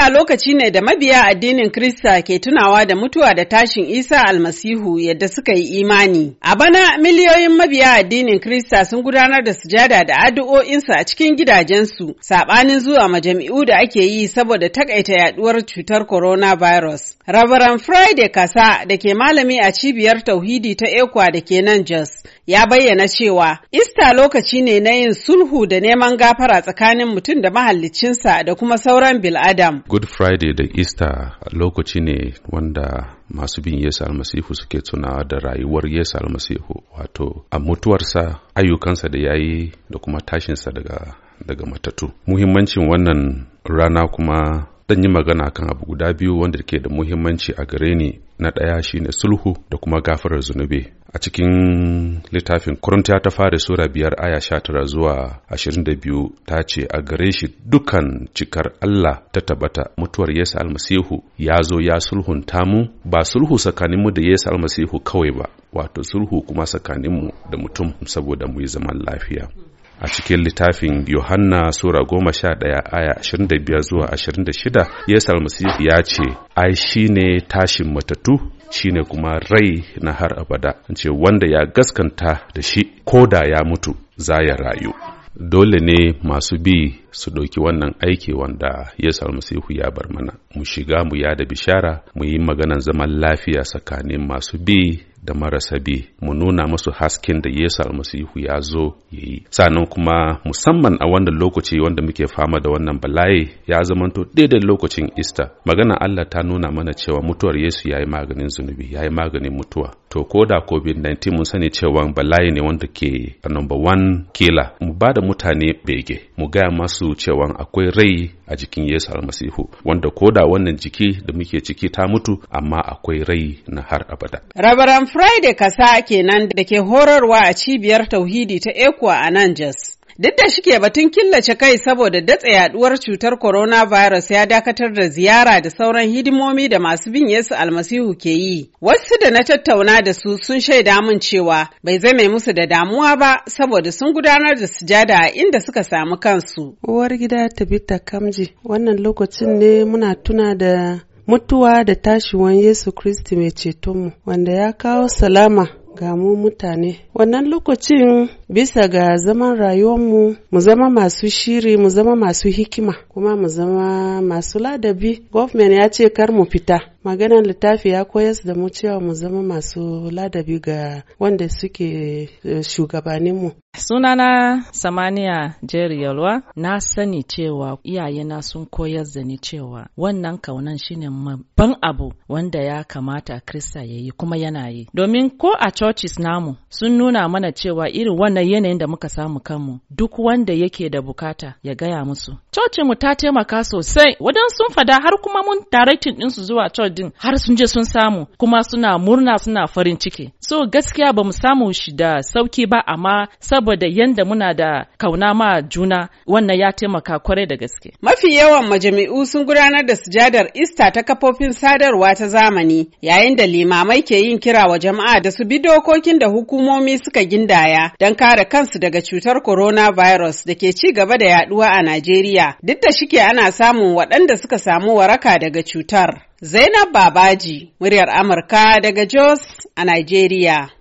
Haka lokaci ne da mabiya addinin Krista ke tunawa da mutuwa da tashin Isa almasihu yadda suka yi imani. A bana miliyoyin mabiya addinin Krista sun gudanar da sujada da addu'o'insu a cikin gidajensu, saɓanin zuwa majami'u da ake yi saboda takaita yaduwar cutar coronavirus. Reverend Friday Kasa da ke malami a cibiyar tauhidi ta Ekwa da ke nan Jos ya bayyana cewa Ista lokaci ne na yin sulhu da neman gafara tsakanin mutum da mahallicinsa da kuma sauran bil'adam. good friday da easter lokaci ne wanda masu bin yesu almasihu suke tunawa da rayuwar yesu almasihu wato a mutuwarsa ayyukansa da yayi da kuma tashinsa daga daga matatu muhimmancin wannan rana kuma dan yi magana kan abu guda biyu wanda ke da muhimmanci a gare ni na ɗaya shine sulhu da kuma gafarar zunube a cikin littafin kurunta ta fara sura biyar aya sha tara zuwa ashirin da biyu ta ce a gare shi dukan cikar Allah ta tabbata mutuwar Yesu almasihu ya zo ya sulhunta mu ba sulhu tsakaninmu da Yesu almasihu kawai ba wato sulhu kuma tsakaninmu da mutum saboda mu yi zaman lafiya a cikin littafin Yohanna Sura goma sha ɗaya aya ashirin da biyar zuwa ashirin da shida Yesu Almasihu ya ce, Ai shi ne tashin matatu? shi ne kuma rai na har abada, ce wanda ya gaskanta da shi ko da ya mutu za ya rayu. Dole ne masu bi su ɗauki wannan aiki wanda Yesu Almasihu ya bar mana, mu shiga mu yada bishara, mu yi maganan zaman lafiya tsakanin masu bi da marasa bi mu nuna musu hasken da Yesu almasihu ya zo ya yi sannan kuma musamman a wannan lokaci wanda muke fama da wannan bala'i ya zamanto daidai lokacin ista. magana Allah ta nuna mana cewa mutuwar Yesu ya yi maganin zunubi ya yi maganin mutuwa to ko da covid-19 mun sani cewa bala'i ne wanda ke a number one kila mu ba da mutane bege mu gaya masu cewa akwai rai a jikin yesu almasihu wanda ko da wannan jiki da muke ciki ta mutu amma akwai rai na har abada rabaran friday kasa kenan da ke horarwa a cibiyar tauhidi ta ekuwa a nan jos Duk da shike batun killace kai saboda datse yaduwar cutar coronavirus ya dakatar da ziyara da sauran hidimomi da masu bin Yesu almasihu ke yi. Wasu da na tattauna da su sun shaida mun cewa bai zame musu da damuwa ba saboda sun gudanar da sujada a inda suka samu kansu. Uwar gida Tabita Kamji, wannan lokacin ne muna tuna da mutuwa da tashiwan Yesu Kristi mai cetonmu wanda ya kawo salama ga mu mutane. Wannan lokacin bisa ga zaman rayuwarmu mu zama masu shiri mu zama masu hikima kuma mu zama masu ladabi government ya ce kar mu fita maganar littafi ya koyas da mu cewa mu zama masu ladabi ga wanda suke eh, shugabaninmu sunana samaniya jerry yalwa na sani cewa iyayena sun koyar da ni cewa wannan kaunan shine babban abu wanda ya kamata krista ya yi kuma yana yi domin ko a churches namu sun nuna mana cewa irin wannan wannan yanayin da muka samu kanmu duk wanda yake da bukata ya gaya musu cocin mu ta taimaka sosai wadan sun fada har kuma mun directing din su zuwa church din har sun je sun samu kuma suna murna suna farin ciki so gaskiya ba mu samu shi da sauki ba amma saboda yanda muna da kauna ma juna wannan ya taimaka kwarai da gaske mafi yawan majami'u sun gudanar da sujadar ista ta kafofin sadarwa ta zamani yayin da limamai ke yin kira wa jama'a da su bi dokokin da hukumomi suka gindaya don ka kare kansu daga cutar coronavirus da ke ci gaba da yaduwa a Najeriya duk da shike ana samun waɗanda suka samu waraka daga cutar. Zainab Babaji, muryar Amurka daga Jos a Najeriya.